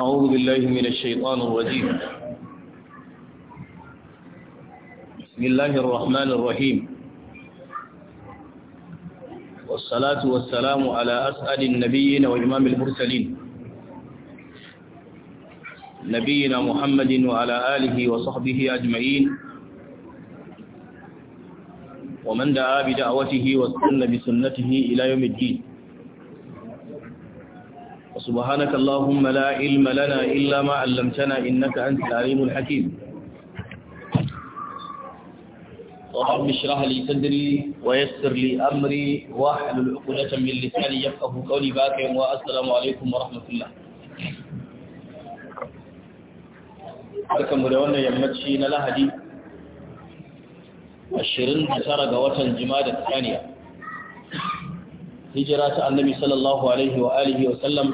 أعوذ بالله من الشيطان الرجيم بسم الله الرحمن الرحيم والصلاة والسلام على أسأل النبيين وإمام المرسلين نبينا محمد وعلى آله وصحبه أجمعين ومن دعا بدعوته واستنى بسنته إلى يوم الدين وسبحانك اللهم لا علم لنا إلا ما علمتنا إنك أنت العليم الحكيم رب اشرح لي صدري ويسر لي أمري واحلل عقدة من لساني يفقه قولي باكر والسلام عليكم ورحمة الله barkanmu da wannan yammaci na lahadi 29 ga watan jima'a da tsaniya hijira ta annabi sallallahu alaihi wa alihi wa sallam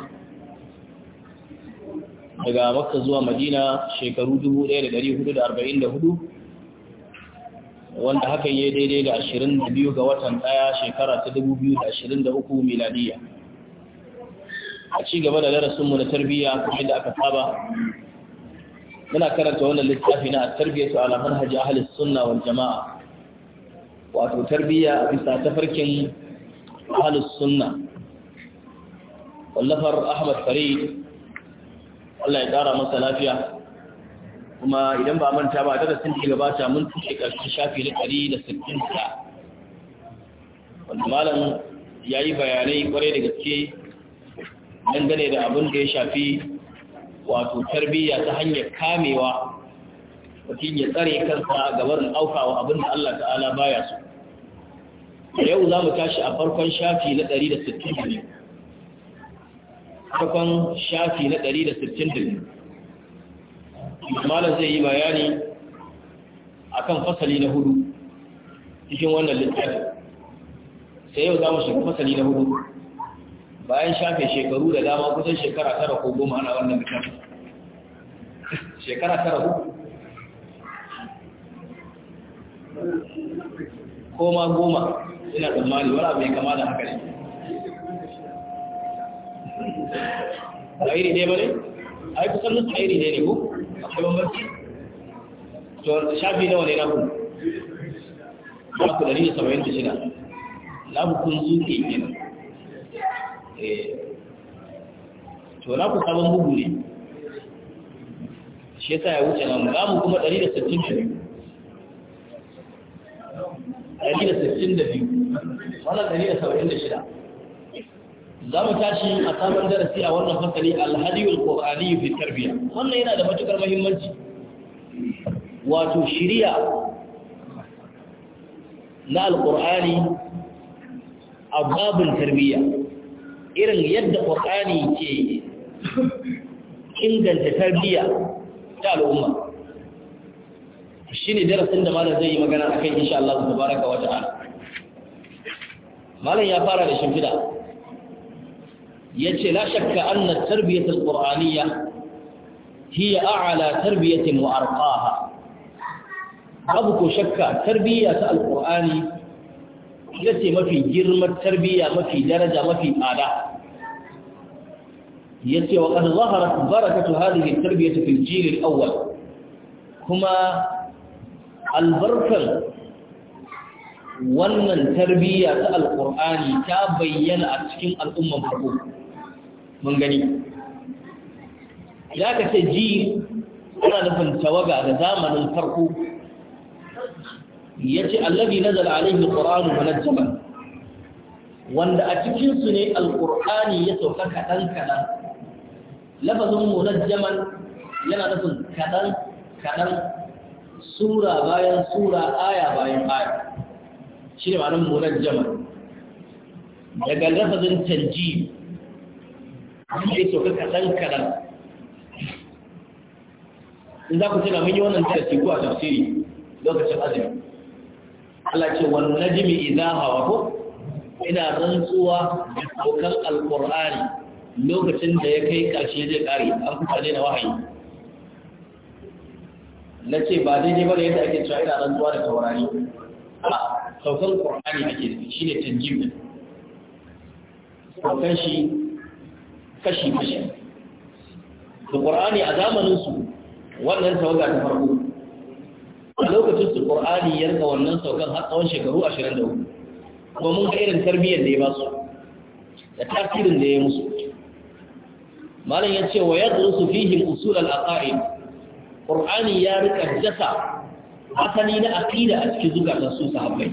daga makka zuwa madina shekaru 1444 wanda hakan ya daidai da 22 ga watan daya shekara ta 2023 miladiya a ci gaba da darasinmu na tarbiyya kuma da aka saba muna karanta wannan littafi na tarbiyyatu ala manhaji ahli sunna wal jamaa wato tarbiyya a bisa tafarkin ahli sunna wallafar ahmad farid Allah ya ƙara masa lafiya kuma idan ba manta ba da sun ci gabata mun tuke ƙarshen shafi na ɗari da sittin da wanda malam ya yi bayanai kwarai da gaske dangane da abin da ya shafi wato tarbiyya ta hanyar kamewa mutum ya tsare kansa ga barin aukawa abin da Allah ta'ala baya so yau za mu tashi a farkon shafi na ɗari da sittin biyu farkon shafi na biyu, malam zai yi bayani kan fasali na hudu cikin wannan littafi sai yau za mu shiga fasali na hudu bayan shafe shekaru da dama kusan shekara tara ko goma ana wannan littafi shekara tara hudu ko ma goma ina tsammani wani abu kama da haka ne ba iri ne ba ne ai kusan nusu a iri ne ne ko akwai bambanci to shafi nawa ne naku ba ku dari da saba'in da shida na ku kun zuke kenan eh. to na ku sabon bugu ne shi yasa ya wuce namu namu kuma dari da sittin da biyu dari da sittin da biyu wannan dari da saba'in da shida za mu tashi a samun darasi a wannan fasali alhadiyul ƙorani fi tarbiya wannan yana da matukar mahimmanci wato shirya na alƙorani a babin tarbiya irin yadda ƙorani ke inganta tarbiyya ta al'umma shine darasin da malam zai yi magana a kai, insha Allah tabaraka wa ta'ala malam ya fara da shimfida yace la shakka ana at-tarbiyata hiya a'ala tarbiyatin wa arqaha babu ko shakka tarbiyya ta al-qur'ani mafi girman tarbiyya mafi daraja mafi tsada yace wa qad zaharat barakatu hadhihi at-tarbiyati fil jil al-awwal kuma albarkan wannan tarbiyya ta alqur'ani ta bayyana a cikin al'umman farko mun gani ya ka ce ji ana nufin tawaga da zamanin farko ya ce allabi nazar alaihi ƙoranu manajjaman wanda a cikinsu ne alƙur'ani ya sauka kaɗan-kaɗan lafazin jaman yana nufin kaɗan-kaɗan sura bayan sura aya bayan aya shi ne ma'anin jaman. daga lafazin tanjib abin da ya sauka kaɗan kaɗan in za ku tuna mun yi wannan darasi ko a tafsiri lokacin azumi Allah ce wani najimi idan hawa ko ina rantsuwa da saukan alkur'ani lokacin da ya kai ƙarshe zai ƙare an kuka na wahayi na ce ba daidai ba da yadda ake cewa ina rantsuwa da taurari a saukan ƙur'ani ake shi ne tanjim Saukar shi kashi kashi da ƙur'ani a zamaninsu wannan tawaga ta farko a lokacin su ƙur'ani ya rika wannan saukan har tsawon shekaru ashirin da hudu kuma mun ga irin tarbiyyar da ya ba su da tasirin da ya musu malam ya ce wa ya su fihim usul al-aqaid qur'ani ya rika jasa asali na aƙida a cikin zukatan su sahabbai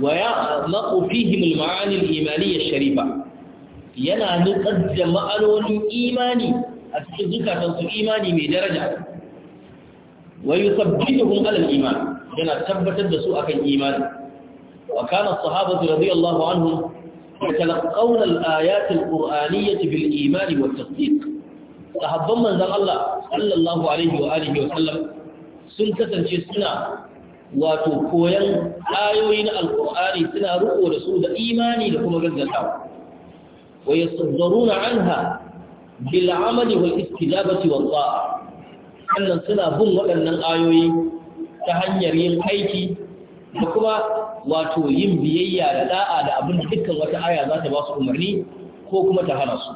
wa ya maqu fihim al-ma'ani al-imaniyya sharifa yana nutsar da ma'anonin imani a cikin zukatansu imani mai daraja wa yusabbituhum alal iman yana tabbatar da su akan imani wa kana sahabatu radiyallahu anhu, anhum يتلقون الآيات القرآنية بالإيمان والتصديق sahabban manzan Allah sallallahu alaihi wa alihi wa sallam sun kasance suna wato koyan ayoyin alkur'ani suna riko da su da imani da kuma gaggatawa ويصدرون عنها بالعمل والاستجابة والطاعة sannan suna bin waɗannan ayoyi ta hanyar yin aiki da kuma wato yin biyayya da da'a da abinda da dukkan wata aya za ta ba su umarni ko kuma ta hana su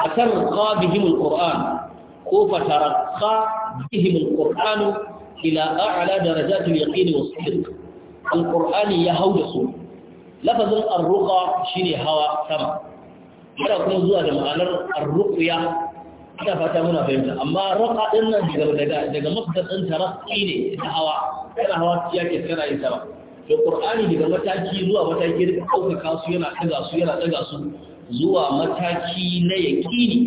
a tarqa bihim alquran ko fa tarqa bihim alquran ila ya darajatil yaqin was sidq alqurani ya hauda su lafazin arruqa shine hawa sama yana kuma zuwa da ma'anar arruqya ina fata muna fahimta amma raqa din nan daga daga daga mafdatin tarqi ne ta hawa kana hawa ya ke kana yin sama to qur'ani daga mataki zuwa mataki da ɗaukaka kasu, yana daga su yana daga su zuwa mataki na yaqini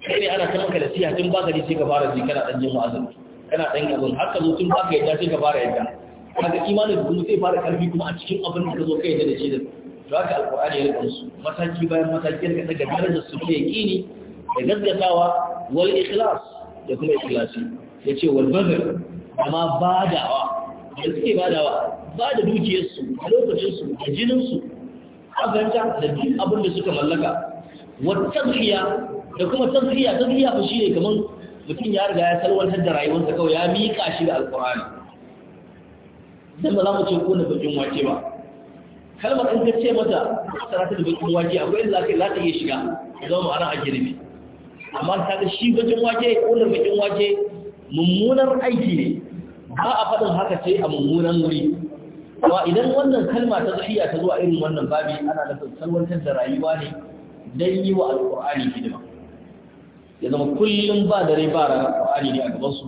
kai ne ana ta maka da siya tun baka ji sai ka fara ji kana dan jin wa'azi kana dan abun haka mutum baka yadda sai ka fara yadda kaga imanin kuma zai fara karfi kuma a cikin abin da zo kai da shi da to haka alqur'ani ya rubuta su mataki bayan mataki ka daga darajar su ne yaqini da gaskatawa wal ikhlas da kuma ikhlasi yace wal bazar amma badawa da suke badawa ba da dukiyar su da lokacin su da jinin su abanta da duk abin da suka mallaka wata tazkiya da kuma tazkiya tazkiya ba shi ne kamar mutum ya riga ya salwantar da rayuwarsa kawai ya miƙa shi da alqur'ani dan ba za mu ce kuna bakin wace ba kalmar in ka ce mata tsara ta da bakin wace, akwai da zaka za ta iya shiga zama ma'ana a girbi amma ta ga shi bakin wake kuna bakin wace, mummunar aiki ne ba a faɗin haka sai a mummunan wuri amma idan wannan kalma ta zahiya ta zuwa irin wannan babi ana nufin salwantar da rayuwa ne dan yi wa alƙur'ani hidima ya zama kullum ba da rai ba ra alqur'ani ne a gabansu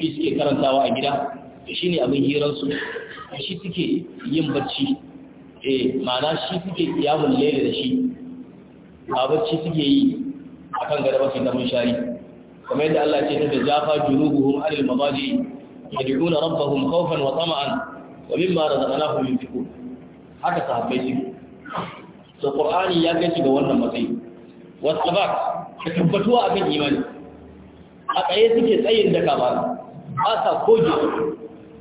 shi suke karantawa a gida da shi ne abin hirarsu da shi suke yin barci? e eh, ma'ana shi suke kiyamun lele da shi a barci suke yi a kan gada mafi na shari kamar yadda Allah ce ta jafa jafa junubuhum alil mabaji yad'una rabbahum khawfan wa tama'an wa mimma razaqnahum yunfiqun haka sahabbai su to ƙur'ani ya kai shi ga wannan matsayi ba ka tabbatuwa abin imani a tsaye suke tsayin daga ba ba sa koge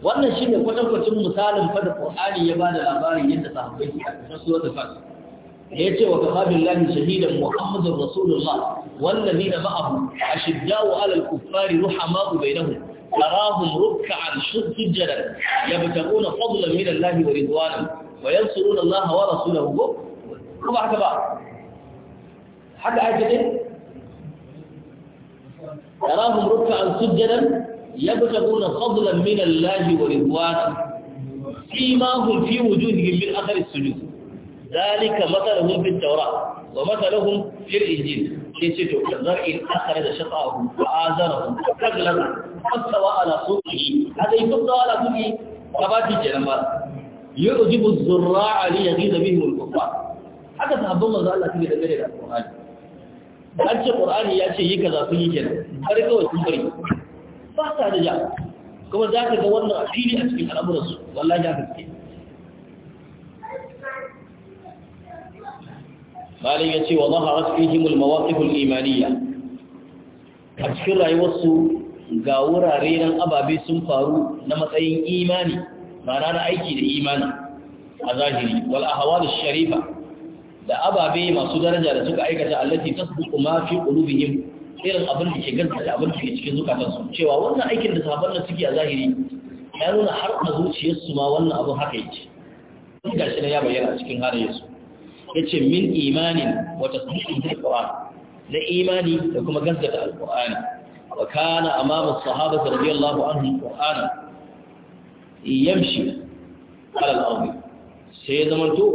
wannan shine kwatankwacin misalin fa da qur'ani ya bada labarin yadda sahabbai suka kashe suratul fatir da yace wa kafa billahi shahidan muhammadur rasulullah wallazina ma'ahu ashiddau 'alal kuffari ruhamau bainahum تراهم ركعا سجدا يبتغون فضلا من الله ورضوانا وينصرون الله ورسوله kuma haka ba haka ake ne tarahum ruk'an sujjadan yabtaguna fadlan min Allah wa ridwan fi ma hum fi wujuhihim min athar as-sujud dalika mathaluhum bit tawrat wa mathaluhum fil injil kace to zar'in akhara da shaqahu wa azaru kaglan fastawa ala suqihi hadai tubda ala suqihi kabati jalan ba yujibu az-zurra'a li yaghiz bihi al-kufa haka sabon manzo Allah kike da gare da Qur'ani ce Qur'ani ya ce yi kaza su yi kenan har kawai sun bari ba sa da ja kuma za ka ga wannan a fili a cikin al'amuransu wallahi ya gaske Mali ya ce wa zaharar fihimul mawaƙihul imaniya a cikin rayuwarsu ga wurare nan ababe sun faru na matsayin imani ma'ana na aiki da imani a zahiri wal ahwal sharifa da ababe masu daraja da suka aikata allati tasbiqu ma fi qulubihim irin abin da ke ganta da abin da ke cikin zukatansu cewa wannan aikin da sahabban da suke a zahiri ya nuna har a zuciyarsu ma wannan abin haka yake sun gashi na ya bayyana cikin Yesu. ya ce min imanin wata sunan da ƙwa'an na imani da kuma gaskata alƙwa'ani wa kana amama sahaba radiyallahu anhu qur'ana yamshi ala al-ardi sai zamanto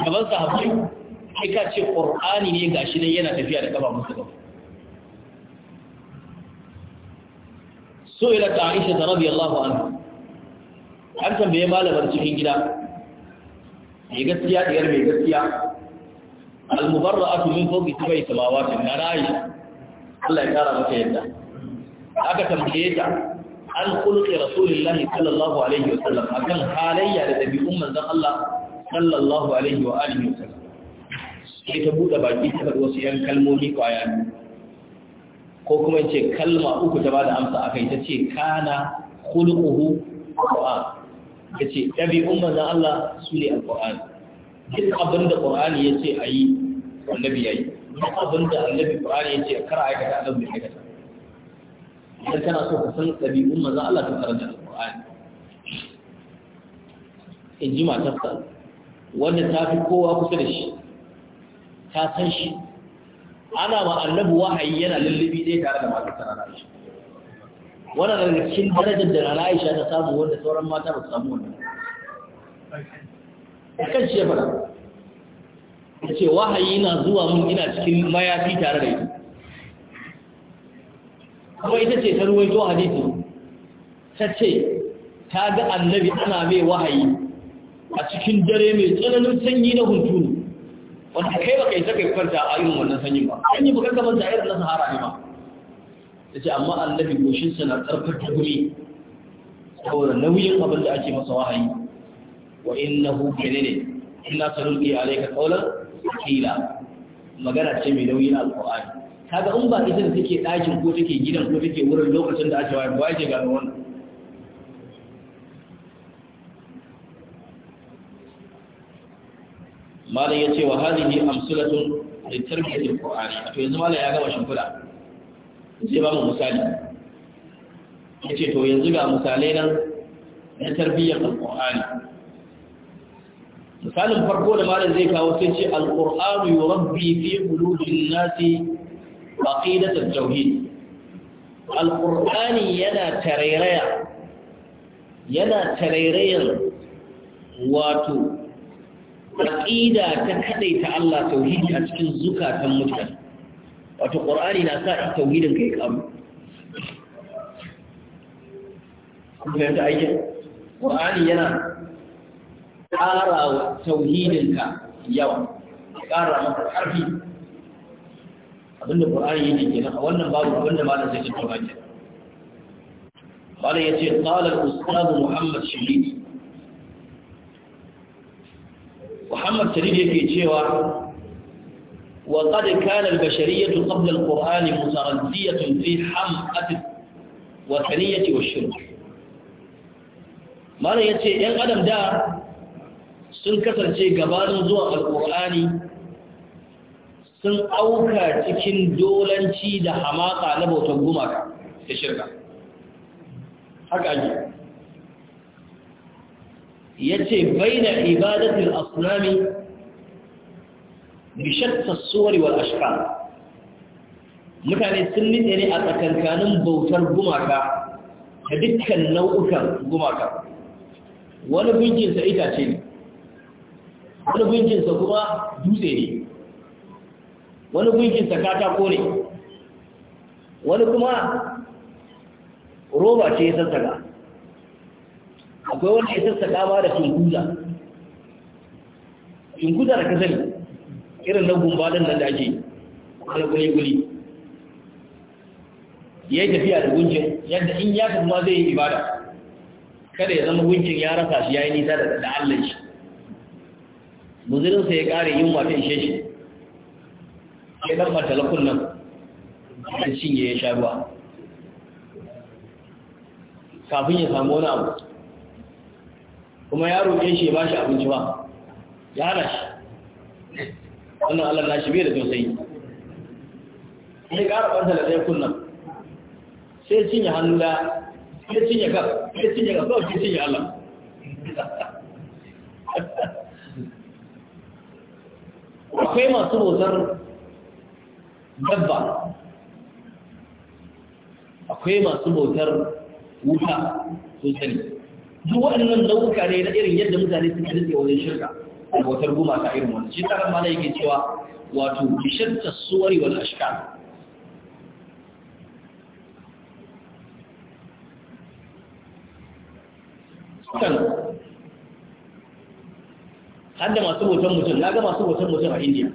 gaban sahabbai kai ka ce qur'ani ne gashi ne yana tafiya da kafa musu gaba so ila ta aisha ta radiyallahu anha an tambaye malamar cikin gida mai gaskiya diyar mai gaskiya al-mubarra'atu min fawqi sab'i samawati na aisha Allah ya kara mata yadda aka tambaye ta an kulqi rasulullahi sallallahu alaihi wa sallam akan halayya da dabi'un manzon Allah sallallahu alaihi wa alihi wa sallam sai ta bude baki ta wasu yan kalmomi kwaya ne. ko kuma ce kalma uku ta ba da amsa a kai ta ce kana hulƙuhu ƙwa'an ta ce ɗabi'un manzan Allah su ne al-ƙwa'an duk abin da ƙwa'an ya ce a yi annabi ya yi duk abin da annabi ƙwa'an ya ce kar aikata annabi ya aikata idan kana so ka san ɗabi'un manzan Allah ta karanta al-ƙwa'an in ji matarsa wanda ta fi kowa kusa da shi ta san shi ana ma annabi wahayi yana lullubi ɗaya tare da matar na Aisha wannan daga cikin darajar da na Aisha ta samu wanda sauran mata ba su samu wannan kan shi ya fara ya ce wahayi na zuwa mun ina cikin mayafi tare da ita kuma ita ce ta ruwaito hadisi ta ce ta ga annabi ana mai wahayi a cikin dare mai tsananin sanyi na hunturu wanda kai baka yi saka kwanta a irin wannan sanyin ba an yi bukar gaban irin na sahara ne ba ta ce amma annabi goshinsa na tsarkar ta guri saboda nauyin abin da ake masa wahayi wa innahu kenene inna sanulqi alayka qawlan kila magana ce mai nauyin alqur'ani kaga in ba ita da take ɗakin ko take gidan ko take wurin lokacin da ake wahayi ba ya gano wannan malam ya ce wa hadhihi amsalatun li tarbiyatil qur'ani to yanzu malam ya gama shimfida. sai ba mu misali yace to yanzu ga misalai nan na tarbiyatul qur'ani misalin farko da malam zai kawo sai ce al-qur'anu yurabbi fi qulubil nasi aqidatul tauhid al-qur'ani yana tarairaya yana tarairayar wato aqida ta ta Allah tauhidi a cikin zukatan mutane wato ƙwararri na sa tauhidin kai ƙaru. kun yana ƙara wa tauhidinka yawa ƙara masa ƙarfi abinda ƙwararri yake kenan a wannan babu wanda malam da zai ce ƙwararri ya ce al-ustad Muhammad Shibli ahmad sharif yake cewa wa qad kana al-bashariyatu qabla al-qur'an mutaraddiyatun fi hamqati wa thaniyati wa shirk malam yace yan adam da sun kasance gabanin zuwa al-qur'ani sun auka cikin dolanci da hamaka na bautan gumaka da shirka haka ake yace baina ibadati al-asnami bi shatta as-suwar wal ashkal mutane sun nitse ne a tsakankanin bautar gumaka ta dukkan nau'ukan gumaka wani gunkinsa itace ne wani gunkinsa kuma dutse ne wani gunkinsa katako ne wani kuma roba ce ya sassaka akwai wanda ya sassaƙa ba da tunguza tunguza da kasar irin na gumbadan nan da ake wani guli guri ya yi tafiya da gunjin yadda in ya kuma zai yi ibada kada ya zama gunjin ya rasa shi ya yi nisa da Allah shi buzirinsa ya ƙare yin wata ishe shi ya ɗan matalakun nan da cinye ya sha ruwa kafin ya samu wani abu kuma ya roƙe shi ya ba shi abinci ba ya hana shi wannan Allah na shi bai da tausayi sai ƙara ɓanta da ɗaya kunnan sai cinye hannu da sai cinye ka sai cinye ka kawai cinye Allah akwai masu bautar dabba akwai masu bautar wuta sosai. duk waɗannan nau'uka ne na irin yadda mutane yi rike wajen shirka wutar goma ta irin wani shi tsaron mana yake cewa wato bishantar suwari wani a sukan hada masu hoton mutum na ga masu hoton mutum a indiya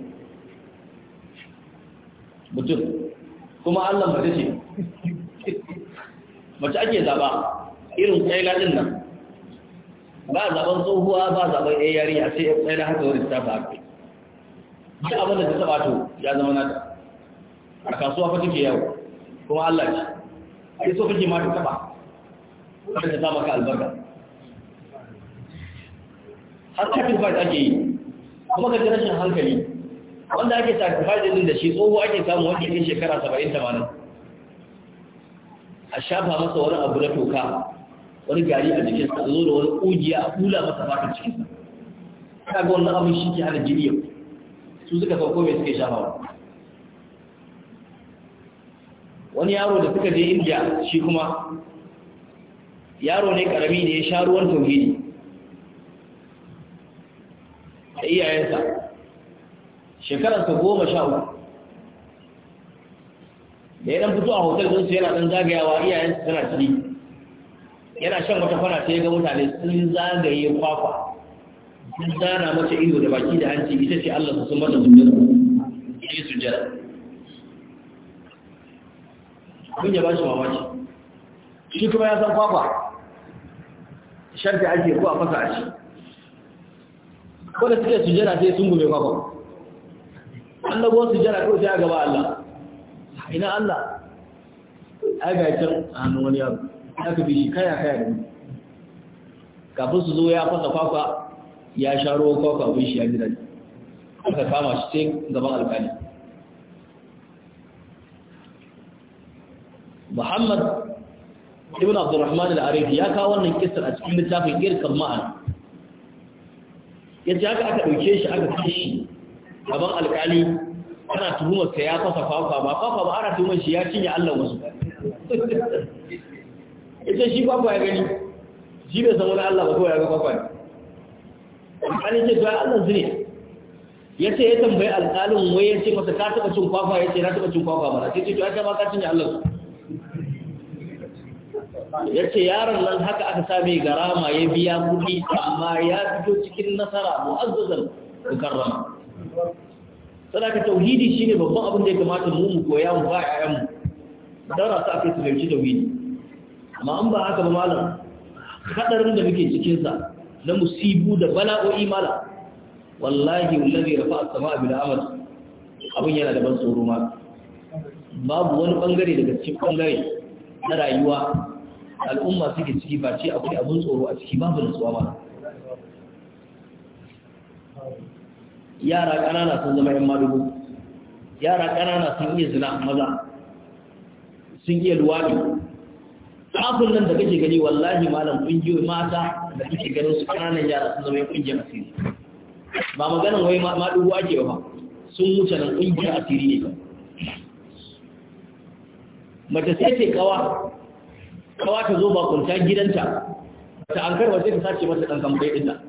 mutum kuma allah mace ce mace ake zaba irin tsaila din nan ba zaben tsohuwa ba zaben ɗaya a sai ɗaya da haka wani ta fa duk abin da ta taɓa to ya zama nata a kasuwa fa take yawo kuma Allah ce sai so kake ma ta taɓa wanda ta sa ka albarka har sacrifice ake yi kuma ka rashin hankali wanda ake sacrifice din da shi tsoho ake samu wani yake shekara 70 tamanin. a shafa masa wani abu na toka wani gari a cikin sa zo da wani ƙugiya a kula masa fatan cikin sa ga wannan abin shi ke hana jini yau su suka sauko mai suke shafawa wani yaro da suka je indiya shi kuma yaro ne karami ne ya sha ruwan tauhidi da iyayensa shekararsa goma sha uku da ya dan fito a hotel su yana ɗan zagayawa iyayensa suna ciki yana shan wata kwana sai ga mutane sun zagaye kwakwa sun zana mace ido da baki da hanci ita ce Allah sun mata sujjada yi sujjada abin ya ba shi mamaki shi kuma ya san kwakwa sharfi ake ko a fasa a shi da suke sujjada sai sun gume kwakwa an dago sujjada ko sai a gaba Allah ina Allah ai ga can a hannun wani yaro aka bi shi kaya kaya da mutu kafin su zo ya fasa kwakwa ya sha ruwan kwakwa bin shi ya gida ne aka kama shi sai gaban alkali muhammad ibn abdurrahman al-arifi ya kawo wannan kisar a cikin littafin girkan ma'an ya ce haka aka ɗauke shi aka kai shi gaban alkali ana tuhumar ka ya fasa kwakwa ba kwakwa ba ana tuhumar shi ya cinye allah wasu ita shi kwakwa ya gani shi da san Allah ba kawai ya ga kwakwa ne amfani ce to Allah zai ya ce ya tambayi alƙalin wai ya ce masa ka taɓa cin kwakwa ya ce na taɓa cin kwakwa ba ce ce to ya ce ma ka cinye Allah ya ce yaron nan haka aka mai garama ya biya kuɗi amma ya fito cikin nasara mu'azzazan karrama. sadaka tauhidi shine babban abin da ya kamata mu mu koya mu ba ƴaƴanmu dan rasa aka tsaye tauhidi amma an ba haka ba malam hadarin da muke cikinsa na musibu da bala'o'i malam? wallahi wallahi rafa as-samaa bil amr abin yana da ban tsoro ma babu wani bangare daga cikin bangare na rayuwa al'umma suke ciki ba ce akwai abin tsoro a ciki babu nutsuwa ba yara ƙanana sun zama 'yan madubu. yara ƙanana sun iya zina maza sun iya luwaɗi kafin nan da kake gani wallahi malam kungiyoyi mata da kake ganin su kananan yara sun zama ƙungiyar asiri ba maganin wai ma dubu ake ba sun wuce nan kungiyar asiri ne ba. mace sai ce kawa kawa ta zo bakunta gidanta ta an karba sai ta sace mata ɗan kamfai ɗin nan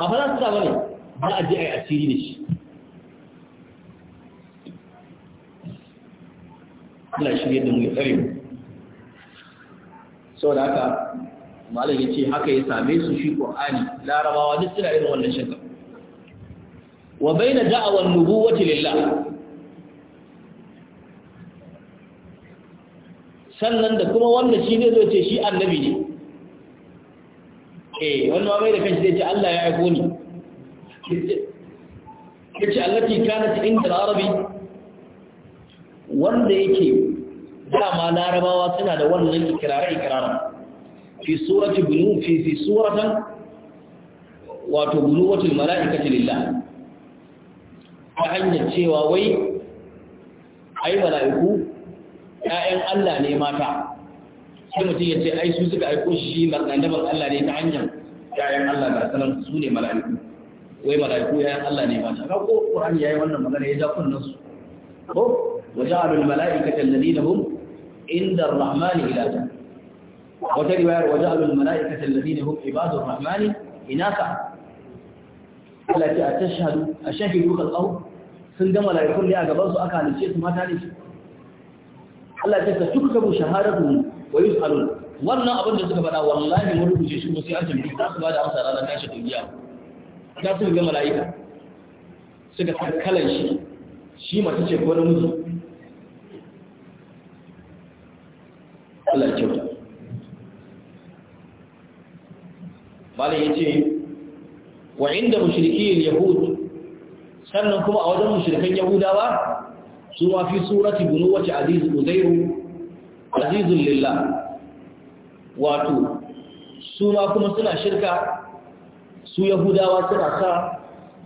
ba fa za su sa bane za a je yi asiri ne shi Allah shirye da mu ya tsare mu saboda haka malam ce haka ya same su shi qur'ani larabawa duk suna irin wannan shakka wa baina da'awan nubuwati lilla. sannan da kuma wanda shi ne zai ce shi annabi ne eh wannan mai da kanshi zai ce Allah ya aiko ni yace allati kanat inda arabi wanda yake dama larabawa suna da wannan ikirare-ikiraren fi surati bulu fi fi suratan wato buluwatul mala'ikati lillah ta hanyar cewa wai ai mala'iku ya'yan Allah ne mata sai mutum ya ce ai su suka aiko shi marnadaban Allah ne ta hanyar Ya'yan Allah ga sanar su ne mala'iku wai mala'iku ya'yan Allah ne mata ga ko Qur'ani yayi wannan magana ya ja kunnan su ko waja'alul mala'ikata alladhina hum inda rahmani ilaja wata riwayar waje mala'ika alul mala'ikata alladhina hum ibadur rahmani inaka Allah ce a tashhadu a shahidu kalqaw sun gama mala'ikun da a gaban su aka halice su mata ne Allah ce ta tukkabu shahadatu wa yus'alun wannan abin da suka faɗa wallahi mun rubuce shi ko sai an tambaye za su ba da amsa ranar tashi dunya ta su ga mala'ika suka san shi shi mace ce ko namiji Allah ya Bala ya ce, wa inda mushrikil yahud sannan kuma a wajen mashirkan yahudawa su ma fi surati wace aziz uzairu azizul lillah wato su ma kuma suna shirka su yahudawa suna sa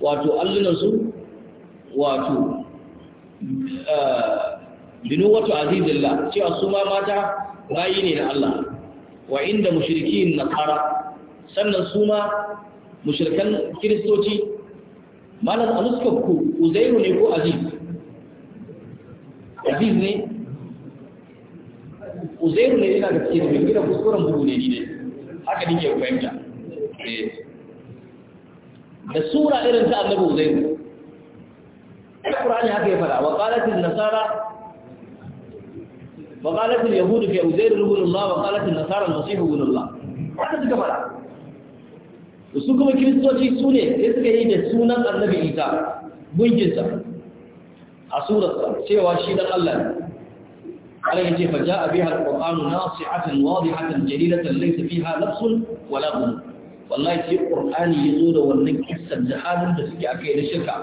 wato allunansu wato Binu eh, binuwatu azizillah cewa su ma mata bayi ne na Allah wa inda na fara sannan su ma mushrikan kiristoci malam anuskar ku uzairu ne ko aziz aziz ne uzairu ne yana da cikin gina kuskuren bugu ne ne haka nike fahimta eh. da sura irin ta annabi uzairu al haka ya fara wa qalatil nasara وقالت اليهود في عزير ابن الله وقالت النصارى المسيح ابن الله haka suka fara kuma kiristoci su ne da suka yi da sunan annabi isa gunginsa a surarsa cewa shi dan allah ne alaihi ce fa ja'a biha alqur'anu nasi'atan wadihatan jaridatan laysa fiha nafsun wala ghulum wallahi ce qur'ani yazo da wannan kissar jahannam da suke akai da shirka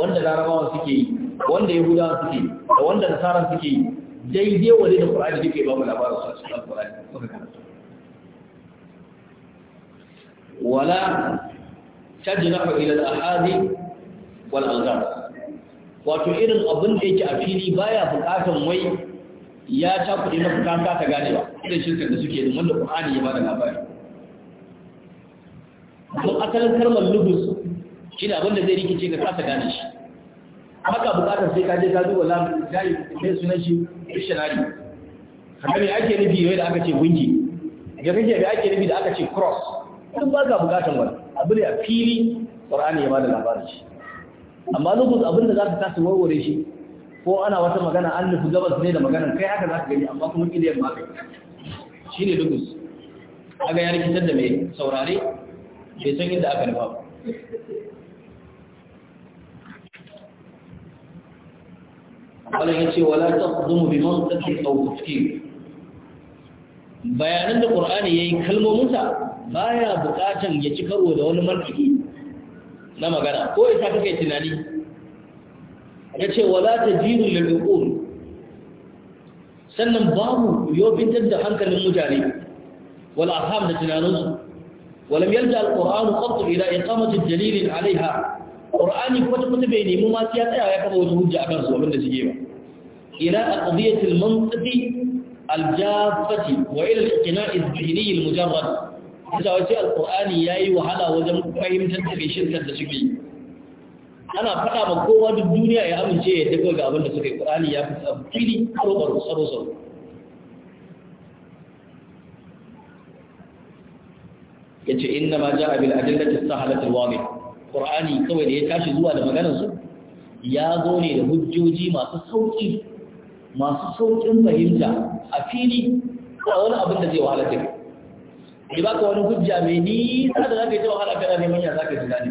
wanda larabawa suke yi wanda suke yi da wanda nasara suke yi daidai wani da Qur'ani duka ya ba mu labarin su a cikin Qur'ani Wala karanta na tajnahu ila al-ahadi wal algham wato irin abin da yake a fili baya bukatan wai ya ta kuɗi na bukata ta gane ba irin shirkar da suke yin wanda Qur'ani ya bada labari don asalin kalmar lubus shi ne abin da zai rikice ka kasa gane shi haka bukatar sai ka je ka duba lamarin jayi sai sunan shi dictionary kamar me ake nufi yau da aka ce gungi ya kake da ake nufi da aka ce cross duk ba ka bukatar wani abu ne a fili qur'ani ya bada labarin shi amma lokacin abin da za ka tashi warware shi ko ana wata magana an nufi gabas ne da maganar kai haka za ka gani amma kuma kila ma kai shi ne lugus aga ya rikitar da mai saurare bai san yadda aka nufa wala ya ce wala ta zumu bi man tsaki tsaukuski bayanan da ƙur'ani ya yi kalmominsa baya buƙatan ya ci karo da wani martiki na magana ko isa kake tunani ya ce wala ta jiru lalukun sannan babu yobintar da hankalin mutane wal arham da tunaninsu walam yalda alqur'anu qattu ila iqamati dalilin alaiha qur'ani kwata kwata bai nemi ma ya tsaya ya kafa wata hujja akan su abin da إلى أقضية المنطق الجافة وإلى الإقناع الذهني المجرد إذا وجه القرآن ياي وهلا وجم فهم تنتبه شركة تشكي أنا فتا مقوة الدنيا يا أمن شيء يتكوى قابل نسوك القرآن يا فتاة بكيلي أرو أرو سرو سرو yace inna ma ja'a bil adillati sahalati alwadih qur'ani kawai da ya tashi zuwa da maganar su ya zo ne da hujjoji masu sauki masu saukin fahimta a fili a wani abin da zai wahala kai bai ba ka wani hujja mai nisa da za ka yi ta wahala kana neman ya za ka ji gane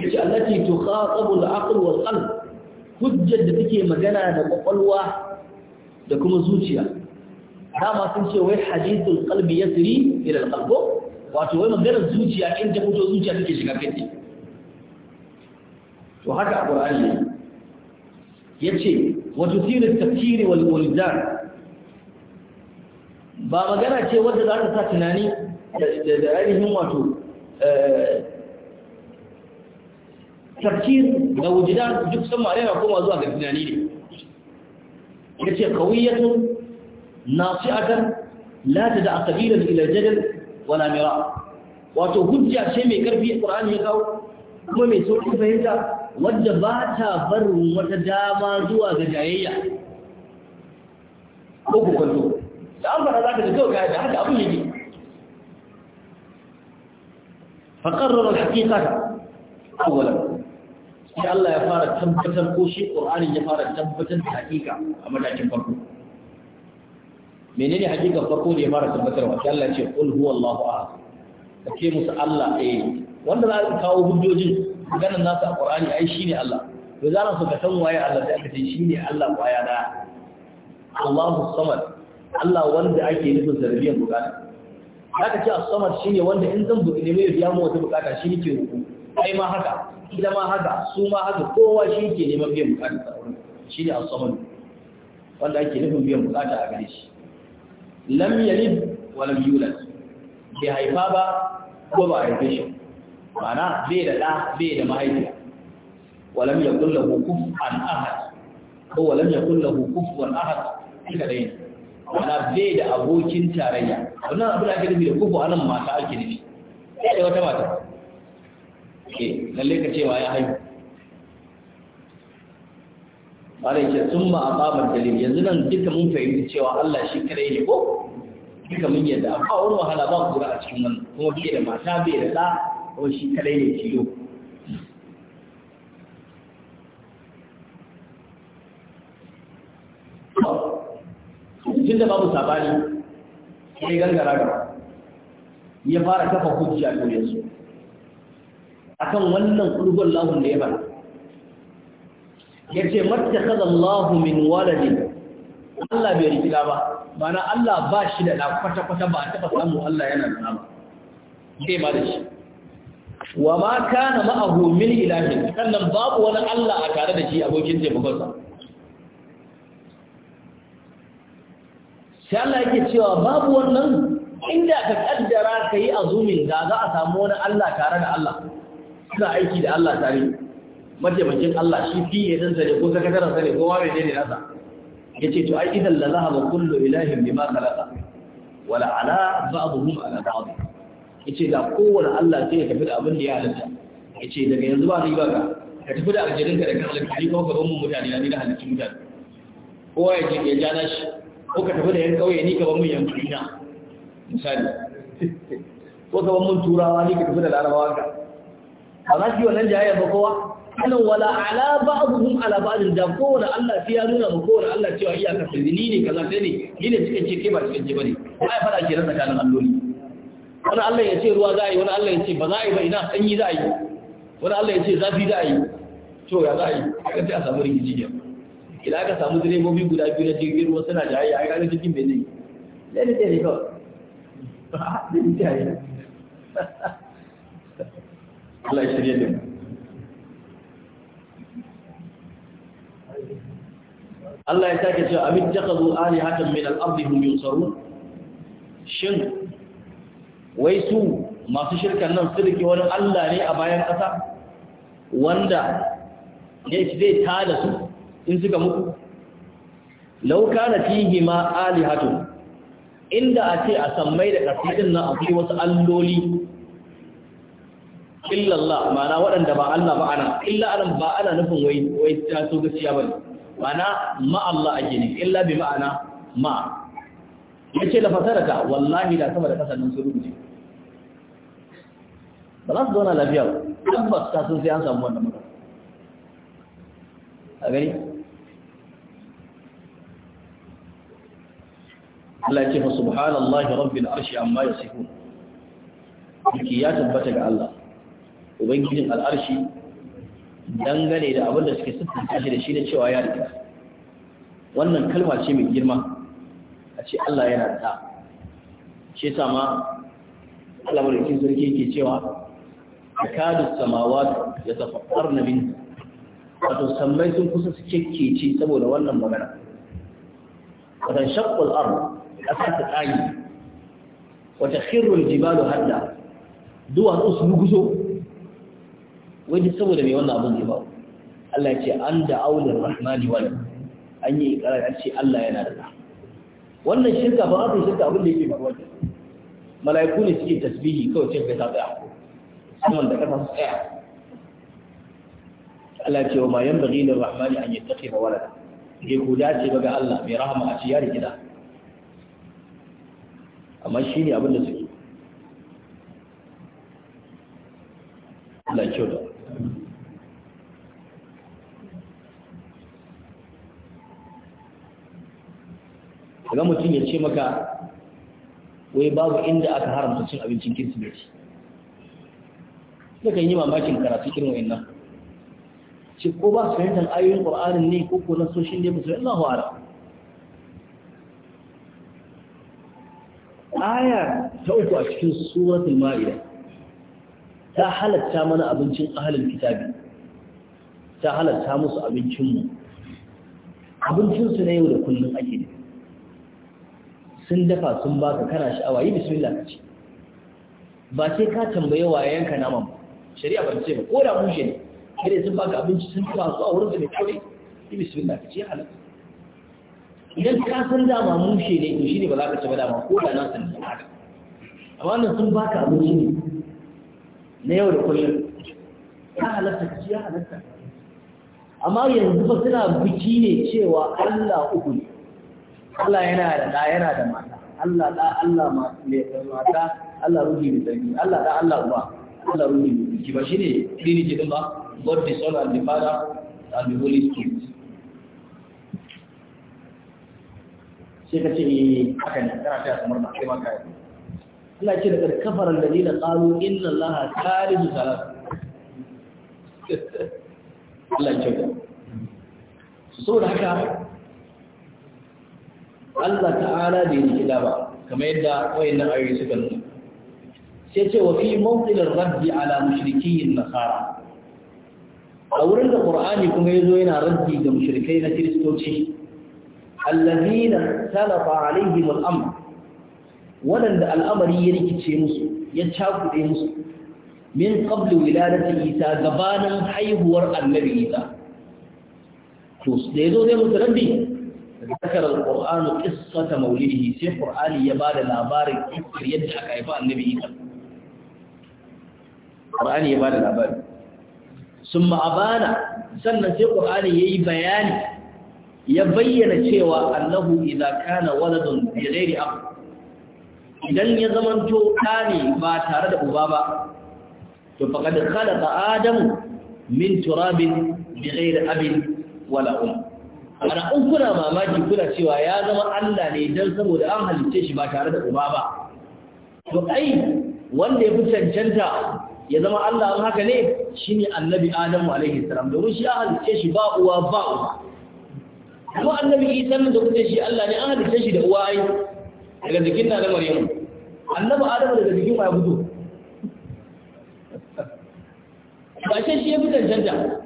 ya ce ce to tsabu aql wa qalb hujjar da take magana da kwakwalwa da kuma zuciya dama sun ce wai hadithul qalbi ya ila irin qalb wato wai magana zuciya in ta fito zuciya take shiga kai to haka a qur'ani يمشي وتثير التفكير والإبداع. بابا جانا شيء وجد هذا الثاني هذه هم آه، تفكير لو جدان جب سمع لنا كم وزوا الثاني لي يمشي قوية ناصعه لا تدع قبيلة إلى جدل ولا مراء وتهجع شيء من كرفي القرآن يقول كما من سوء فهمت wadda ba ta barin wata dama zuwa ga jayayya ko ku kwallo da an fara za ta ga kawai da haka abin yake faƙarar alhaƙiƙa awwalan sai Allah ya fara tabbatar ko shi Qur'ani ya fara tabbatar da hakika a matakin farko menene hakika farko da ya fara tabbatarwa sai Allah ya ce qul huwallahu ahad kace musu Allah ɗaya. Eh. wanda za ka kawo hujjojin maganar nasa a Qur'ani ai shine Allah to zan so ka san waye Allah da aka ce ne Allah waya da Allahu samad Allah wanda ake nufin zarbiyan bukata ka ce a samad shi ne wanda in zan buɗe ne mai biya mu wata bukata shi ne ke roƙo ai ma haka ita ma haka su ma haka kowa shi ne ke neman biyan bukata a wurin shi ne as-samad wanda ake nufin biyan bukata a gare shi lam yalid wa lam yulad bai haifa ba ko ba a haife shi ma'ana bai da ɗa bai da mahaifiya walam ya kulla hukuf an ahad ko walam ya kulla hukuf an ahad duka dai ma'ana bai da abokin tarayya wannan abin da ake nufi da kufu anan mata ake nufi sai da wata mata ke eh, lalle ka cewa ya haihu bare ce sun ma ababar dalil yanzu nan duka mun fahimci cewa Allah shi kadai ne ko duka mun yadda ba wani wahala ba ku a cikin wannan kuma bai da mata bai da ɗa ko shi kadai ne tilo tun da babu sabani sai gangara gaba ya fara kafa hujja to yanzu akan wannan kulgun lahun da ya ce yace mattakhadha Allahu min waladin Allah bai rikida ba mana Allah ba shi da kwata kwata ba a taɓa samu Allah yana da ba sai ba da shi wa ma kana ma'ahu min ilahin sannan babu wani Allah a tare da shi abokin taimakonsa sai Allah yake cewa babu wannan inda ka kaddara ka yi azumin da za a samu wani Allah tare da Allah suna aiki da Allah tare mataimakin Allah shi fiye ɗansa ne ko sakatarensa ne ko wame ne nasa ya ce to ai idan la zahaba kullu ilahin bima khalaqa wala ala ba'dhum ala ba'd yace ga kowane Allah sai ya tafi da abin da ya halitta yace daga yanzu ba riba ga ka tafi da aljirin da kan aljirin ko gaban mu mutane na ni da halittun mutane kowa ya je ya jana shi ko ka tafi da yan kauye ni gaban mu yan kurina misali ko gaban mun turawa ni ka tafi da larabawa ka ba za su yi wannan jayayya ba kowa kanin wala ala ba'dhum ala ba'd da kowane Allah sai ya nuna ma kowane Allah cewa iyaka sai ni ne kaza sai ne ni ne cikin ce kai ba cikin ce bane ai fara ke ran tsakanin alloli wani Allah ya ce ruwa za a yi wani Allah ya ce ba za a yi ba ina sanyi za a yi wani Allah ya ce zafi za a yi to ya za a yi aka ce a samu rikici ne idan aka samu direbobi guda biyu na jirgin ruwa suna da hayi a kaga cikin bai ne ne ne ne ba ne ne ta yi Allah ya shirya ne Allah ya sake cewa amin ali alihatan min al-ardi hum yunsarun shin wai su masu shirkan nan su rike wani Allah ne a bayan ƙasa wanda ya zai tada su in suka mutu lauka na fihi ma alihatu inda a ce a sammai da ƙarfi ɗin nan akwai wasu alloli illallah mana waɗanda ba Allah ba ana illa anan ba ana nufin wai wai ta so gaskiya bane mana ma Allah ake ne illa bi ma'ana ma ya ce da fasaraka wallahi da sama da kasar nan sun rubuce ba za su zauna lafiya ba tabbas ta sun sai an samu wannan mutum a gani Allah ya ce fa subhanallahi rabbil arshi amma yasifun yake ya tabbata ga Allah ubangijin al'arshi dangane da abin da suke siffanta shi da shi ne cewa ya rika wannan kalma ce mai girma a ce Allah yana da shi sama ma Allah madaukakin sarki yake cewa samawa samawat yatafakkarna min wato sammai sun kusa su kekeci saboda wannan magana wadan shaqqal ard asa ta tsagi wata khirrul jibalu hadda duwatsu su luguso wai saboda mai wannan abin zai ba Allah ya ce an da aulin rahmani wani an yi ikrar an ce Allah yana da ta. wannan shirka ba za shirka abin da yake faruwa ke mala'iku ne suke tasbihi kawai sai kai ta tsaya saman da kasa su tsaya Allah ce wa ma yan bagi lir rahmani an yattaqi wa walada ke ku dace ba ga Allah mai rahama a ci ya rigida amma shine abin da suke Allah ya kyauta daga mutum ya ce maka wai babu inda aka haramta cin abincin kirsimeti sukan yi mamakin karatu irin wa'annan ce ko ba su fahimtar ayoyin ƙur'anin ne ko ko so shi ne musu yana hawara aya ta uku a cikin suratul ma'ida ta halatta mana abincin ahalin kitabi ta halatta musu abincinmu abincinsu na yau da kullum ake da sun dafa sun ba ka kana sha'awa yi bismillah ka ce ba sai ka tambaye yanka naman ba shari'a ba ce ba ko da mushe ne kare sun ba ka abinci sun dafa su a wurin da mai kauri yi bismillah ka ce ya halatta idan ka san dama mushe ne to shine ba za ka ci ba dama ko da na san da haka amma wannan sun ba ka abinci ne na yau da kullum ya halatta ka ce ya halatta amma yanzu ba suna biki ne cewa Allah uku ne Allah yana da ɗa yana da mata Allah ɗa Allah mata Allah ruhi mai tsarki Allah ɗa Allah uba Allah ruhi mai tsarki ba shi ne trinity ɗin ba God the Son and the Father and the Holy Spirit sai ka ce eh, haka ne kana ta kamar da kai ma kai Allah ce da kafar alladina qalu inna allaha khariju salat Allah ya ce saboda haka Allah ta'ala bai rikida ba kamar yadda wayannan ayoyi suka nuna sai ce wa fi mawqilir ala mushrikiyin nasara a wurin da qur'ani kuma yazo yana raddi ga mushrikai na kristoci allazina talafa alaihim al-amr wadanda al'amari ya rikice musu ya cakude musu min qabl wiladati isa gabanin haihuwar annabi isa to da yazo zai musu raddi ذكر القرآن قصة مولده سي قرآن يبال الأبار كثير يدعى كيفاء النبي إيسا قرآن يبال الأبار ثم أبانا سنة سي قرآن يي بيان يبين شيوا أنه إذا كان ولد بغير أب إذن يزمن جو ثاني ما تارد أبابا فقد خلق آدم من تراب بغير أب ولا أم ana in kuna mamaki kuna cewa ya zama Allah ne dan saboda an halitta shi ba tare da uba ba to ai wanda ya fi cancanta ya zama Allah an haka ne shine annabi Adamu alaihi salam domin shi an halitta shi ba uwa ba uba ko annabi Isa da kuke shi Allah ne an halitta shi da uwa ai daga jikin na da annabi Adamu daga jikin wa ya fito ba shi ya fi cancanta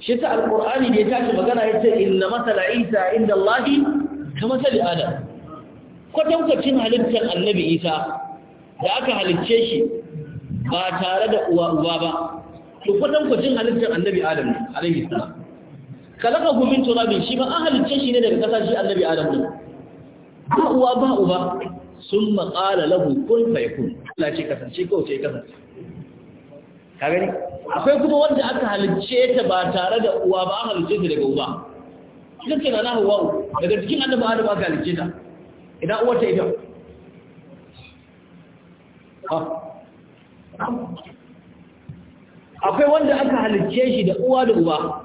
shi ta alƙur'ani da ya tashi magana ya ce inna masala isa inda allahi ka masali adam kwatankwacin halittar annabi isa da aka halicce shi ba tare da uwa uba ba to kwatankwacin halittar annabi adam ne alaihi salam kalaka gumin turabin shi ba an halicce shi ne daga ƙasa shi annabi adam ne ba uwa ba uba sun maƙala lahu kun fayakun Allah ce kasance kawai ce kasance ka gani akwai kuma wanda aka halicce ta ba tare da uwa ba halicce ta daga uba ita ce na hawa daga cikin annabi adam aka halicce ta idan uwa ta ita akwai wanda aka halicce shi da uwa da uba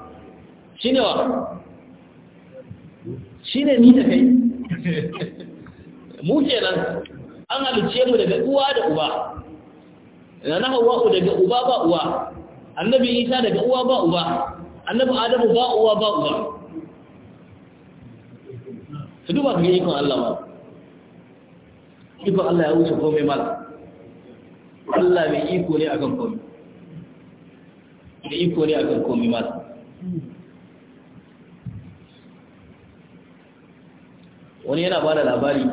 shine wa shine ni da kai mu kenan an halicce mu daga uwa da uba na hawa daga uba ba uwa annabi isa daga uwa ba uba annabi adamu ba uwa ba uba su duba ka yi ikon Allah ba ikon Allah ya wuce komai mala Allah mai iko ne akan komai mai iko ne akan komai mala wani yana ba da labari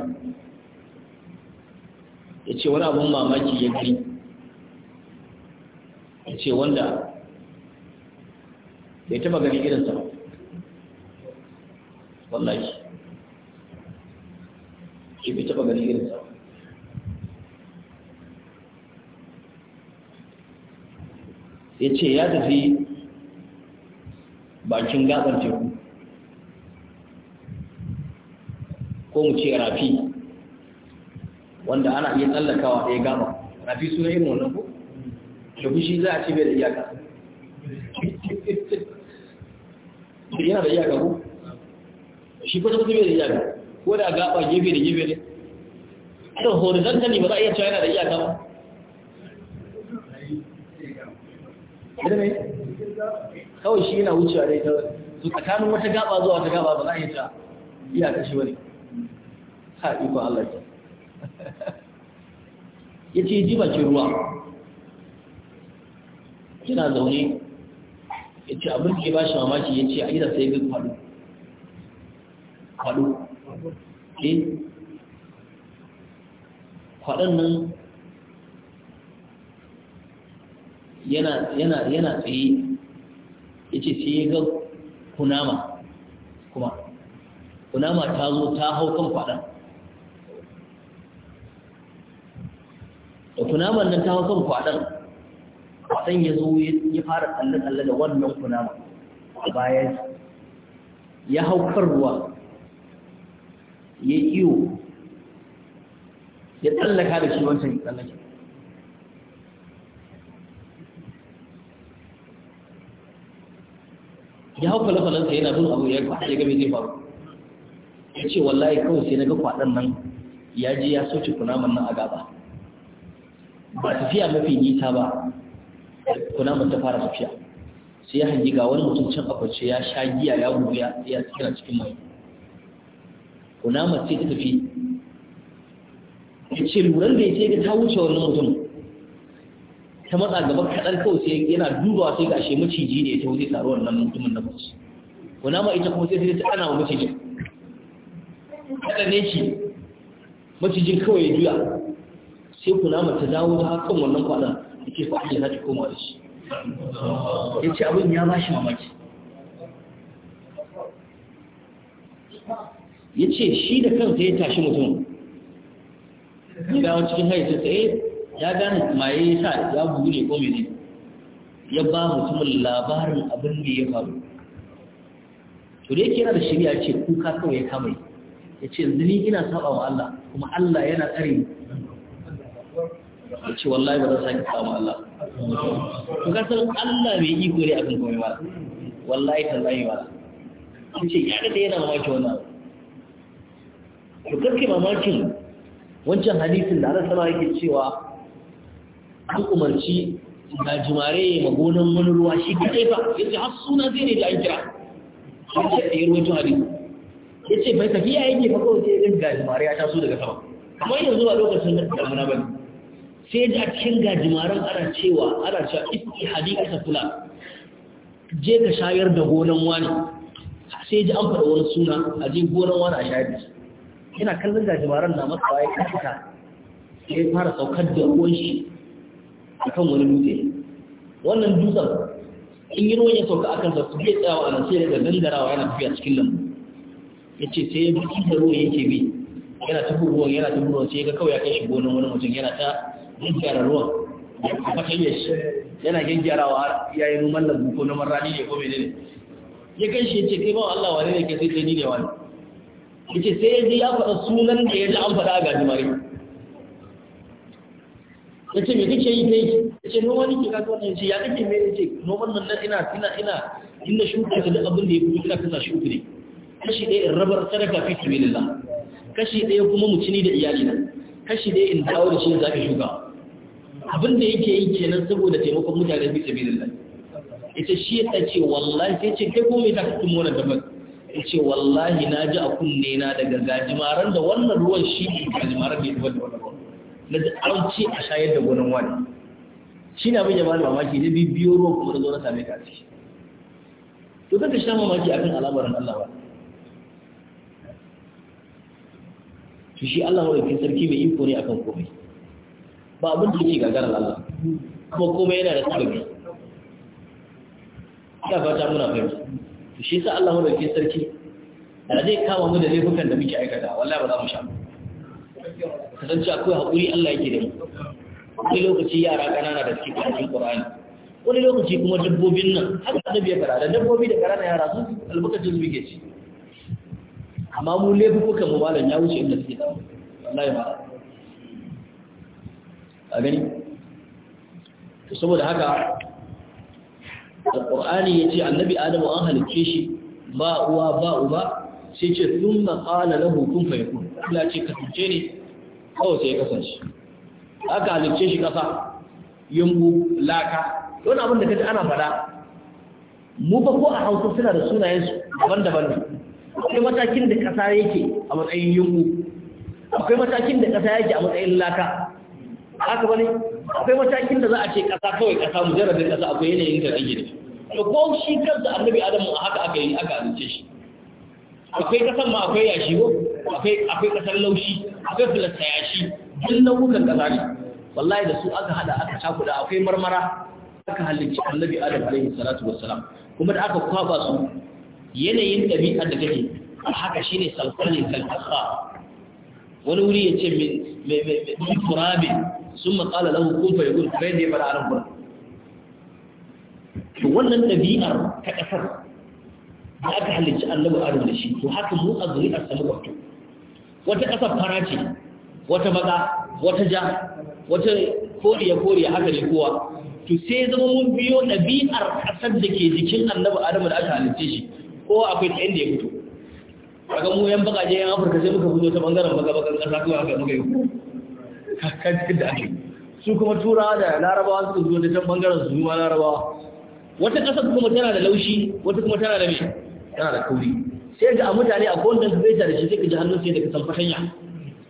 ya ce wani abun mamaki ya gari ce wanda bai taba gani irinsa ba wallahi shi bai taba gani irinsa ba ya ce ya tafi bakin gabar teku ko mu ce rafi wanda ana iya tsallakawa ɗaya gaba rafi suna irin wannan ko shi za a ce bai da iyaka yana da iyaka ko shi kwata kwata bai da iyaka ko da gaba gefe da gefe ne ta horizontally ba za a iya cewa yana da iyaka ba kawai shi yana wucewa dai ta tsakanin wata gaba zuwa wata gaba ba za a iya cewa iyaka shi wani ha iko Allah ya ce ji bakin ruwa yana zaune ya ce abin ke ba shi mamaki ya ce a idan sai bin kwado kwado ke eh. kwadon nan yana tsaye ya ce sai ya ga kunama kuma kunama ta zo ta hau kan kwadon da kunaman nan ta hau kan kwadon dan ya zo ya fara tsalle-tsalle da wannan kunama a bayan ya haukar ruwa ya iyo ya tsallaka da shi wancan tsallake ya hau kwale-kwalensa yana bin abu ya kwata ya zai faru ya ce wallahi kawai sai na ga kwaɗan nan ya je ya soci kunaman nan a gaba ba tafiya mafi nisa ba kuna ta fara tafiya sai ya hangi ga wani mutum can akwace ya sha giya ya wuya ya tsira cikin mai kuna sai ta tafi ya ce lurar da ya sai ga ta wuce wani mutum ta matsa gaba kaɗan kawai sai yana dubawa sai ga shi maciji ne ta wuce taruwar nan mutumin na Kuna kunama ita kuma sai ta ana wa macijin kaɗa ne ki macijin kawai ya juya sai kunama ta dawo ta hakan wannan kwaɗan yake koma da shi ya ce abin ya ba shi mamaki ya ce shi da kansa ya tashi mutum ya cikin haifin tsaye eh, ya gane maye ya sa ya bugu ne ko mene ya ba mutumin labarin abin da ya faru to da yake yana da shirya ce kuka kawai ya kamai. ya ce zini ina saba wa Allah kuma Allah yana tsare ya ce wallahi ba zan sake samu Allah ku san Allah bai yi ne akan komai ba wallahi tallahi ba kun ce ya da yana mamaki wannan ku kake mamakin wancan hadisin da Allah sama yake cewa an umarci ga jimare ma gonan wani ruwa shi ka kai ba ya ce har suna zai ne da an kira ya ce da yarwa tun hadisi ya ce bai tafiya yake fa kawai sai ɗin ga jimare ya taso daga sama kamar yanzu a lokacin da damuna ba ne sai da cikin gajimaran ana cewa ana cewa iski hadika kula je ka shayar da gonan wani sai ji an faɗa wani suna a je gonan wani a shayar da su. yana kallon gajimaran na masu waye ya sai fara saukar da ruwan shi a kan wani dutse wannan dutsen in yi ruwan ya sauka a kansa su bai tsayawa a nan sai daga gangarawa yana tafiya cikin lambu ya ce sai ya bi ruwan yake bi yana tafi ruwan yana tafi ruwan sai ya ga kawai ya kai shi gonan wani mutum yana ta gyara ruwan ya shi yana gyarawa har yayin mallabu ko na marrani ne ko menene ya kai shi ce kai ba Allah wani ne ke sai sai ni ne wani yace sai ya ya faɗa sunan da ya ji an faɗa a gajimare ya ce kake yi kai ya ce ne ke ce ya kake ya ce noman nan ina ina ina ina shuka ta abin da ya kuma ina kasa shuka ne kashi ɗaya in rabar sadaka fi kashi ɗaya kuma mu da iyalina kashi ɗaya in dawo da shi da zaka shuka abin da yake yi kenan saboda taimakon mutane bi sabilillah Ita shi ya ce wallahi sai ce kai ko me ta kuma wannan Ya ce, wallahi na ji a kunne na daga gajimaran da wannan ruwan shi ne gajimaran da ya zubar da wannan ruwan na ji an a shayar da gonan wani shi na abin ya mamaki da bibiyo ruwan kuma da zo na same ka a to kaka sha mamaki akan al'amarin Allah ba shi Allah wa sarki mai iko ne akan komai ba abin da yake gagarar Allah kuma komai yana da sababi Ya fata muna fahimta to shi sa Allah mu ke sarki da zai kama mu da laifukan da muke aikata wallahi ba za mu sha kasance akwai haƙuri Allah yake da mu wani lokaci yara ƙanana da suke karatun Qur'ani wani lokaci kuma dabbobin nan haka annabi ya fara da dabbobi da ƙanana yara su, albukatu su ke ci amma mu laifukan mu malam ya wuce inda suke da wallahi ba a gani to saboda haka alqur'ani yace annabi adamu an halicce shi ba uwa ba uba sai ce thumma qala lahu kun fayakun Allah ce ka tunje ne kawai sai ya kasance aka halicce shi kasa yumbu laka don abin da kaji ana fada mu ba ko a hausa suna da sunayen su daban-daban ne akwai matakin da kasa yake a matsayin yumbu akwai matakin da kasa yake a matsayin laka haka bane akwai matakin da za a ce kasa kawai kasa da kasa akwai yanayin da rage ne to ko shi kansa annabi adamu a haka aka yi aka alince shi akwai kasan ma akwai yashi ko akwai akwai kasan laushi akwai filasta yashi duk nau'ukan kasa ne wallahi da su aka hada aka cakuda akwai marmara aka halicci annabi adamu alaihi salatu wassalam kuma da aka kwaba su yanayin ɗabi'ar da kake haka shine salfalin kalkasa wani wuri ya ce min turabi sun matsala lahu kun fa yakun kamar yadda ya fara aran gurin to wannan ɗabi'ar ta ƙasar da aka halicci annabi a da shi to haka mu a zuri'ar a samu wato wata ƙasar fara ce wata maza wata ja wata koriya koriya haka ne kowa to sai zama mun biyo ɗabi'ar ƙasar da ke jikin annabi Adamu da aka halicce shi ko akwai ta inda ya fito A ga mu yan bakaje yan afirka sai muka fito ta bangaren baka bakan ƙasa kuma haka muka yi kaji da ake su kuma turawa da larabawa suka zuwa da can bangaren su zuwa larabawa wata ƙasar kuma tana da laushi wata kuma tana da mai tana da kauri sai ga a mutane a gondon su bai tare shi sai ka ji hannun sai daga ya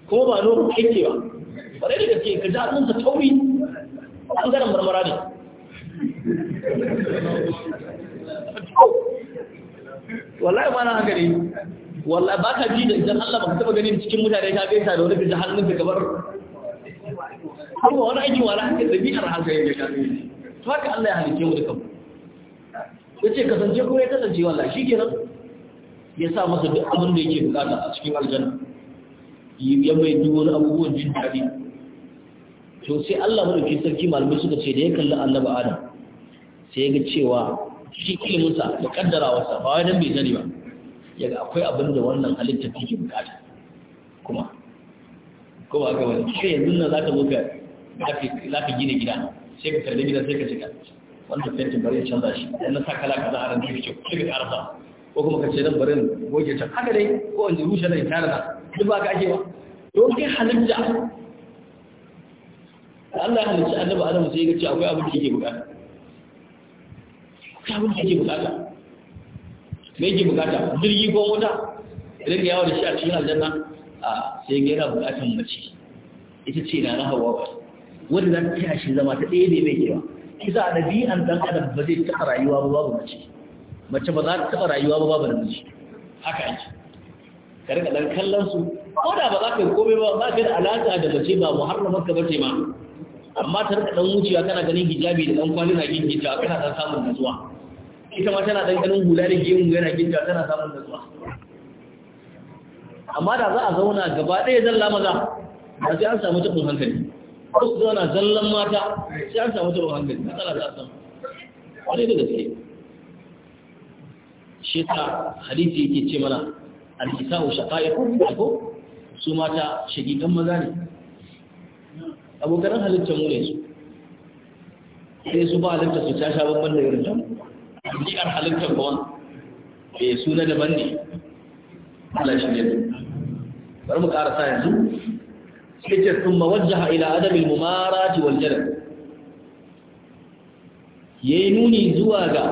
kuma ba noman aiki ba bare da gaske ka ji hannun sa tauri bangaren marmara ne wallahi ba na haka ne wallahi ba ka ji da idan Allah ba ka taba ganin cikin mutane ka gaisa da wani ka ji hannun ka kamar kuma wani aiki wala haka ɗabi'ar haka yake kafin to haka Allah ya halice mu dukan ya ce kasance kuma ya kasance wallah shi kenan ya sa masa duk abin da yake bukata a cikin aljanna ya mai duk wani abubuwan jin daɗi to sai Allah madauki sarki malamai suka ce da ya kalli annabi Adam sai ya ga cewa shi iliminsa da kaddarawarsa ba wai dan bai sani ba ya ga akwai abin da wannan halitta ke bukata kuma kuma ga wani shi yanzu nan zaka zo ka za ka gina gida sai ka kalli gida sai ka cika wannan fentin bari ya canza shi dan na sa kala kaza a ran sai ka cika ko kuma ka ce dan barin goge ta haka dai ko in rushe na tare da duk ba ka ake ba don kai halitta Allah halitta annabi Adam sai ya ce akwai abin da yake bukata akwai abin da yake bukata me yake bukata jirgi ko wuta idan yawo da shi a cikin aljanna a sai ga yana bukatan mace ita ce na na hawa ba wanda za ta taya shi zama ta ɗaya bai mai kewa kisa a biyan ɗan adam ba zai taɓa rayuwa ba babu mace mace ba za ta taɓa rayuwa ba babu namiji haka yake ka rika ɗan kallon su ko da ba za ka yi komai ba ba ka da alaƙa da mace ba muharramar ka bace ma amma ta rika ɗan wucewa kana ganin hijabi da ɗan kwali na ta kana ɗan samun nutsuwa ita ma tana ɗan ganin hula da gemu yana ta tana samun nutsuwa amma da za a zauna gaba ɗaya zan lamaza da sai an samu taɓin hankali ko su zauna zallan mata sai an samu taɓa hankali matsala za a samu wani da gaske shi ta hadisi yake ce mana al-kisa'u shaqa'iqu ko su mata shagigan maza ne abokan halittar mu ne su sai su ba halitta su ta sha babban da irin tamu ɗi'ar halittar ba wani eh, suna daban ne Allah shi ne bari mu ƙara sa yanzu yake sun mawajjaha ila adamin mumarati wal ya yi nuni zuwa ga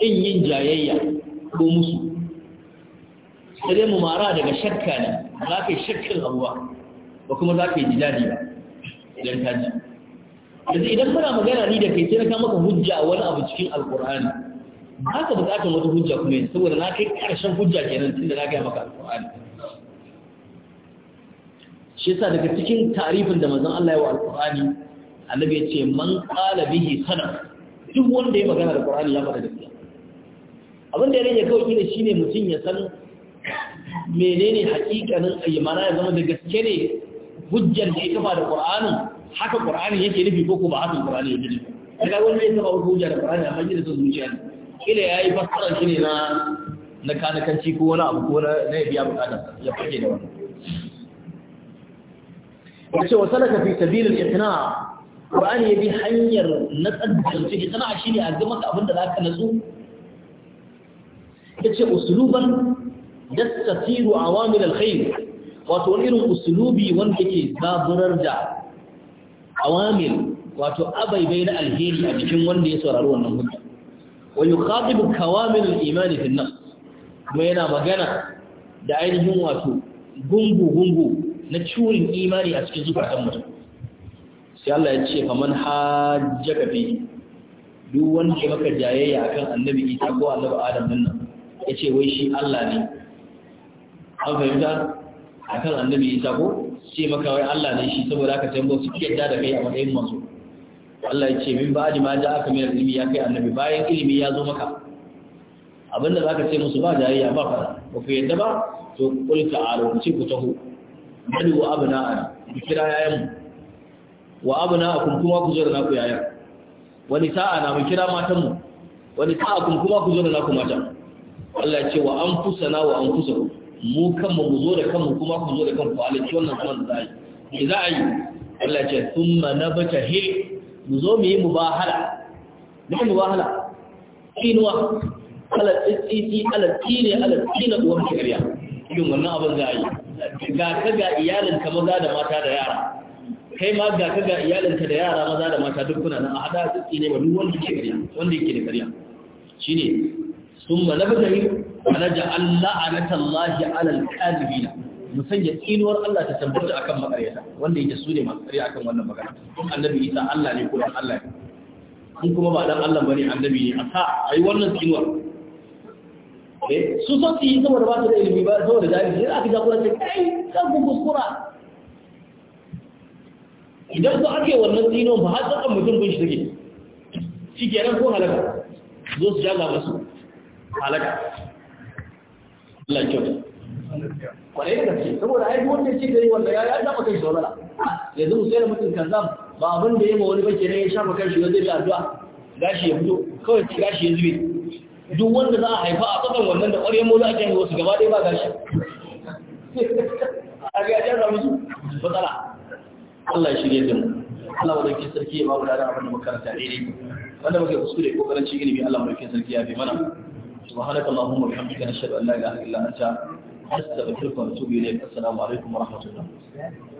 in yin jayayya ko musu sai mu mara daga shakka ne za ka yi shakkin abuwa ba kuma za ka yi jidadi ba idan ta ji yanzu idan muna magana ni da kai sai na kama maka hujja wani abu cikin alkur'ani ba ka bukatar wata hujja kuma yanzu saboda na kai karshen hujja kenan tun da na gaya maka alkur'ani shi yasa daga cikin tarifin da manzon Allah ya wa alqur'ani annabi ya ce man qala bihi sana, duk wanda ya magana da qur'ani ya fada gaskiya abin da ya rage kawai ne shine mutum ya san menene hakikanin ayyamana ya zama da gaske ne hujjar da ya kafa da qur'ani haka qur'ani yake nufi ko ko ba haka qur'ani yake nufi daga wanda ya taba hujja da qur'ani amma yana su zuciya kila yayi fasara shine ne na na kanakanci ko wani abu ko na ya biya bukatar ya fage da wannan Wace wa salaka fi sabilil iqna Qur'ani ya bi hanyar natsar da kansu iqna shine a ga maka abin da zaka natsu yace usluban yastasiru awamil alkhair wato wani irin uslubi wanda yake zaburar da awamil wato abaibai na alheri a cikin wanda ya saurari wannan hujja wa yukhatibu kawamil al fi nafs kuma yana magana da ainihin wato gungu gungu na curin imani a cikin zukatan mutum sai Allah ya ce faman ka fi duk wanda ya maka jayayya akan annabi Isa ko annabi Adam din nan ce wai shi Allah ne an fahimta akan annabi Isa ko ce maka wai Allah ne shi saboda aka tambo su ke da kai a matsayin masu. Allah ya ce min ba ba'di ma aka mai ilimi ya kai annabi bayan ilimi ya zo maka abinda zaka ce musu ba jayayya ba fara ba ku yadda ba to qul ta'alu ci ku taho bari wa abna ana kira yayan mu wa abna akum kuma ku zo da naku yayan wani sa'a na mu kira matan mu wani sa'a kun kuma ku zo da naku mata? Allah ya ce wa anfusana wa anfusakum mu kanmu mu zo da kanmu kuma ku zo da kanku halicci wannan zaman da za a yi za a yi Allah ce thumma he! mu zo mu yi mubahala mu mubahala kinuwa kala tsitsi ala tsine ala tsine uwar kariya yin wannan abin za a yi ga ka ga iyalinka maza da mata da yara kai ma ga ka ga iyalinka da yara maza da mata duk kuna nan a hada su ne ba duk wanda yake kariya wanda yake da kariya shine summa nabdahi alaja Allah anatallahi alal kadhibina mu sanya tsinuwar Allah ta tabbata akan makaryata wanda yake su ne masu kariya akan wannan magana annabi isa Allah ne ko Allah ne in kuma ba dan Allah bane annabi ne a sa ai wannan tsinuwar Eh, su so su yi saboda ba su da ilimi ba saboda jahilci sai aka jagoranta kai kan ku kuskura idan su ake wannan dinon ba har tsakan mutum bin shi take shi kenan ko halaka zo su jaga musu halaka Allah kyauta kwarai da gaske saboda ai duk wanda ya ce da yi wanda ya ya dama kai saurara yanzu mu sai da mutum kazzam ba abin da yayi ma wani bace ne ya shafa kan shi zai da addu'a gashi ya fito kawai gashi ya zube duk wanda za a haifa a kasan wannan da ƙwaryen mola ake haihuwa su gaba ɗaya ba gashi a ga ya samu su matsala Allah ya shirye da mu Allah wa dauke sarki ya babu dada abin da makaranta daidai wanda muke kuskure ko karanci ilimi Allah wa dauke sarki ya bi mana subhanaka allahumma bihamdika nashhadu an la ilaha illa anta nastaghfiruka wa natubu ilayk assalamu alaikum wa rahmatullah